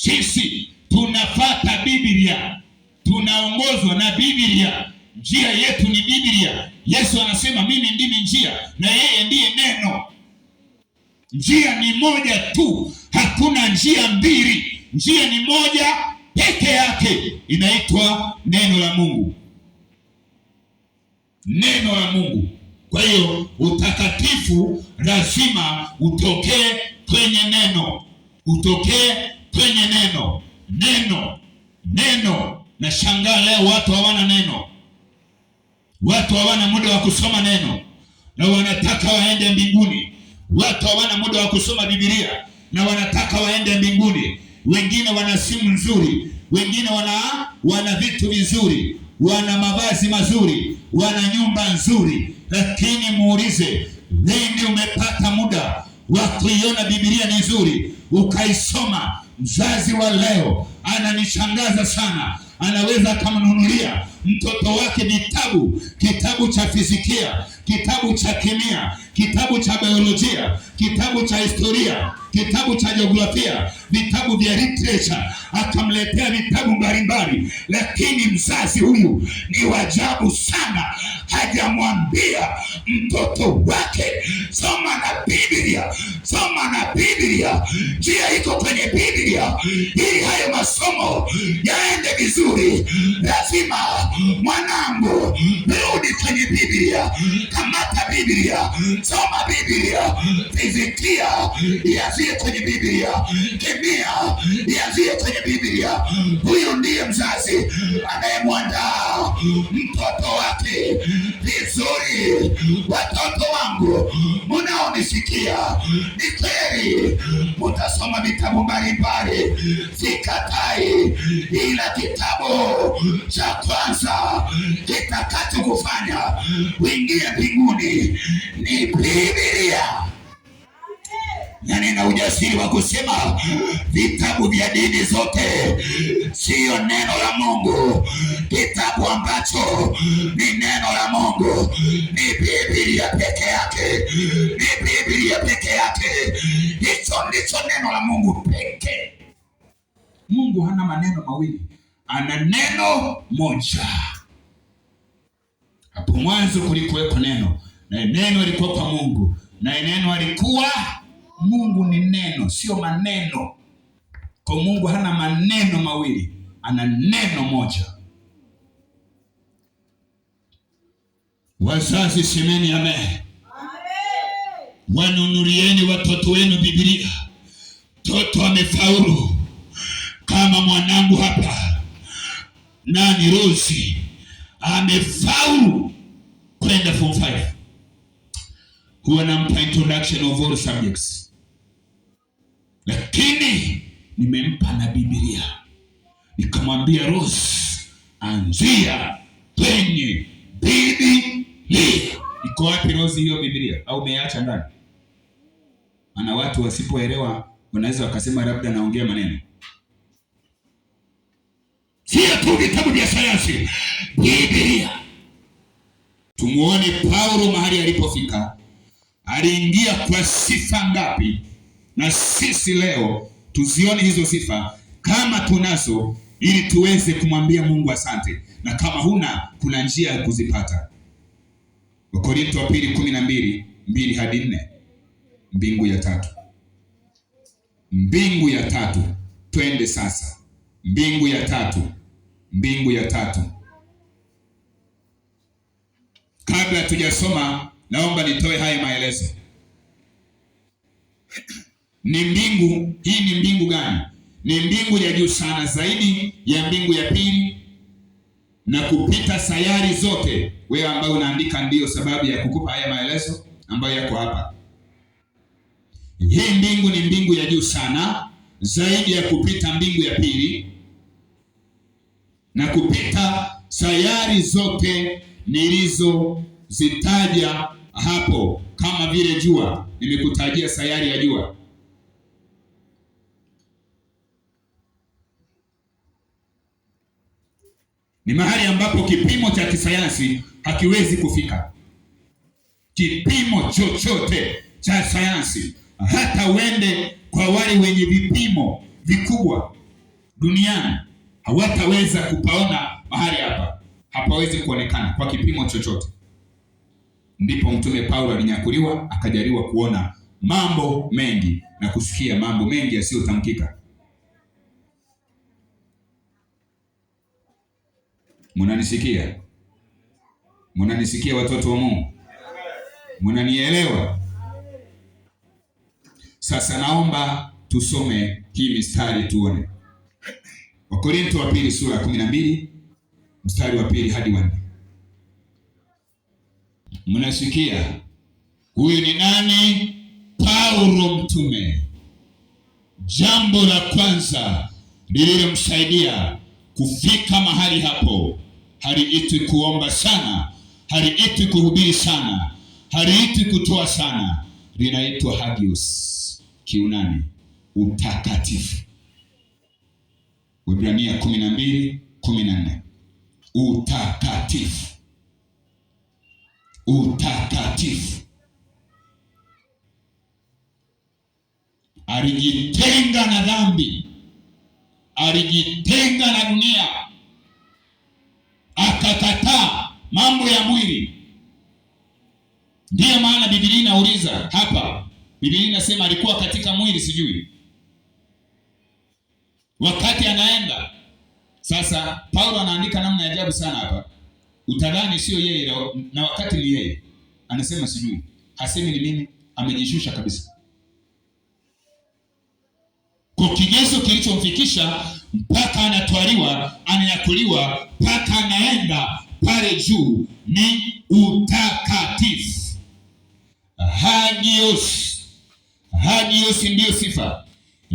Sisi tunafata Biblia, tunaongozwa na Biblia, njia yetu ni Biblia. Yesu anasema mimi ndimi njia na yeye ndiye neno. Njia ni moja tu, hakuna njia mbili. Njia ni moja peke yake, inaitwa neno la Mungu, neno la Mungu. Kwa hiyo utakatifu lazima utokee kwenye neno, utokee kwenye neno neno neno. Nashangaa leo watu hawana neno, watu hawana muda wa kusoma neno na wanataka waende mbinguni. Watu hawana muda wa kusoma Biblia na wanataka waende mbinguni. Wengine wana simu nzuri, wengine wana wana vitu vizuri, wana mavazi mazuri, wana nyumba nzuri, lakini muulize, lini umepata muda wa Biblia ni nzuri ukaisoma. Mzazi wa leo ananishangaza sana, anaweza akamnunulia mtoto wake vitabu, kitabu cha fizikia, kitabu cha kemia, kitabu cha biolojia, kitabu cha historia, kitabu cha jiografia, vitabu vya literature, akamletea vitabu mbalimbali. Lakini mzazi huyu ni wajabu sana, hajamwambia mtoto wake soma na Biblia, soma na Biblia, njia iko kwenye Biblia, ili hayo masomo yaende vizuri, lazima mwanangu kwenye Biblia, kamata Biblia, soma Biblia, fizikia yazie kwenye Biblia, kemia yazie kwenye Biblia. Huyu ndiye mzazi anayemwandaa mtoto wake vizuri. Watoto wangu munaonisikia, ni kweli mutasoma vitabu mbalimbali, sikatai, ila kitabu cha kwanza kufanya uingie mbinguni ni Biblia na nina ujasiri wa kusema vitabu vya dini zote siyo neno la Mungu. Kitabu ambacho ni neno la Mungu ni Biblia peke yake, ni Biblia peke yake. Hicho ndicho neno la Mungu peke Mungu hana maneno mawili, ana neno moja. Hapo mwanzo kulikuwepo neno, na neno alikuwa kwa Mungu, na neno alikuwa Mungu. Ni neno, sio maneno. Kwa Mungu hana maneno mawili, ana neno moja. Wazazi semeni amen. Wanunulieni watoto wenu Biblia. Toto amefaulu kama mwanangu hapa nani Rosi amefaulu kwenda form 5. Huwa nampa introduction of all subjects, lakini nimempa na bibilia nikamwambia ros anzia kwenye Biblia. Iko wapi Rose hiyo bibilia Au umeacha ndani? Maana watu wasipoelewa wanaweza wakasema labda naongea maneno sio tu vitabu vya sayansi, Biblia. Tumuone Paulo mahali alipofika, aliingia kwa sifa ngapi? Na sisi leo tuzione hizo sifa kama tunazo, ili tuweze kumwambia Mungu asante, na kama huna, kuna njia ya kuzipata. Wakorinto wa pili kumi na mbili mbili hadi nne. Mbingu ya tatu, mbingu ya tatu, twende sasa mbingu ya tatu mbingu ya tatu. Kabla tujasoma, naomba nitoe haya maelezo. Ni mbingu hii, ni mbingu gani? Ni mbingu ya juu sana, zaidi ya mbingu ya pili na kupita sayari zote. Wewe ambao unaandika, ndiyo sababu ya kukupa haya maelezo ambayo yako hapa. Hii mbingu ni mbingu ya juu sana, zaidi ya kupita mbingu ya pili na kupita sayari zote nilizozitaja hapo, kama vile jua. Nimekutajia sayari ya jua. Ni mahali ambapo kipimo cha kisayansi hakiwezi kufika. Kipimo chochote cha sayansi, hata uende kwa wale wenye vipimo vikubwa duniani hawataweza kupaona mahali hapa, hapawezi kuonekana kwa kipimo chochote. Ndipo mtume Paulo alinyakuliwa akajaliwa kuona mambo mengi na kusikia mambo mengi yasiyotamkika. Munanisikia? Munanisikia watoto wa Mungu? Munanielewa? Sasa naomba tusome hii mistari tuone. Wakorinto wa pili sura ya 12 mstari wa pili hadi wa nne. Mnasikia huyu ni nani? Paulo mtume. Jambo la kwanza lililomsaidia kufika mahali hapo, haliitwi kuomba sana, haliitwi kuhubiri sana, haliitwi kutoa sana, linaitwa hagios, Kiunani utakatifu. Ibrania 12:14 utakatifu, utakatifu. Alijitenga na dhambi, alijitenga na dunia, akakataa mambo ya mwili. Ndiyo maana Biblia inauliza hapa, Biblia inasema alikuwa katika mwili, sijui wakati anaenda sasa. Paulo anaandika namna ya ajabu sana hapa, utadhani sio yeye na wakati ni yeye. Anasema sijui, hasemi ni mimi, amejishusha kabisa kwa kigezo kilichomfikisha mpaka anatwaliwa, ananyakuliwa, mpaka anaenda pale juu ni utakatifu. Hagios, hagios ndiyo sifa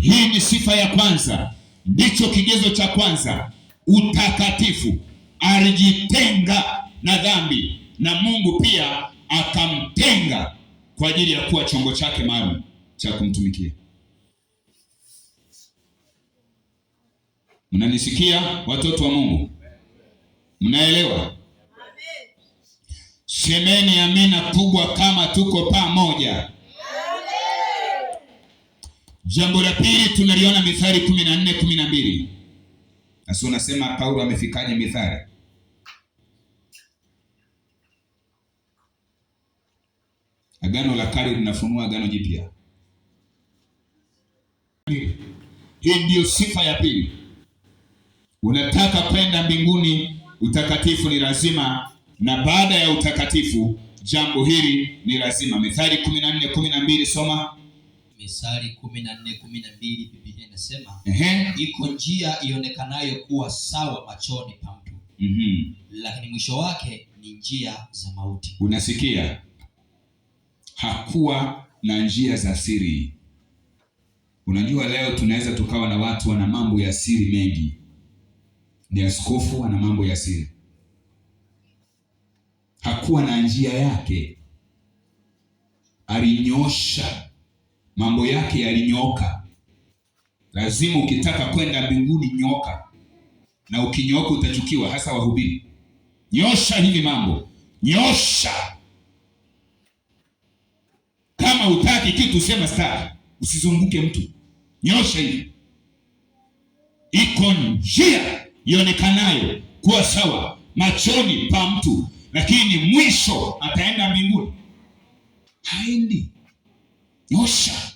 hii, ni sifa ya kwanza ndicho kigezo cha kwanza, utakatifu. Alijitenga na dhambi na Mungu pia akamtenga kwa ajili ya kuwa chombo chake maalum cha kumtumikia. Mnanisikia watoto wa Mungu? Mnaelewa? Semeni amina kubwa kama tuko pamoja. Jambo la pili tunaliona Mithali kumi na nne kumi na mbili. Sasa unasema Paulo amefikaje Mithali? Agano la kale linafunua agano jipya. Hii ndiyo sifa ya pili. Unataka kwenda mbinguni, utakatifu ni lazima, na baada ya utakatifu jambo hili ni lazima. Mithali 14:12 soma. Misali kumi na nne kumi na mbili Biblia inasema iko njia ionekanayo kuwa sawa machoni pa mtu mm -hmm. lakini mwisho wake ni njia za mauti. Unasikia, hakuwa na njia za siri. Unajua, leo tunaweza tukawa na watu wana mambo ya siri mengi, ni askofu wana mambo ya siri, hakuwa na njia yake, alinyosha mambo yake yalinyooka. Lazima ukitaka kwenda mbinguni, nyooka, na ukinyooka utachukiwa, hasa wahubiri. Nyosha hivi mambo, nyosha. Kama utaki kitu, sema stari, usizunguke mtu, nyosha hivi. Iko njia ionekanayo kuwa sawa machoni pa mtu, lakini mwisho ataenda mbinguni, haendi. よっしゃ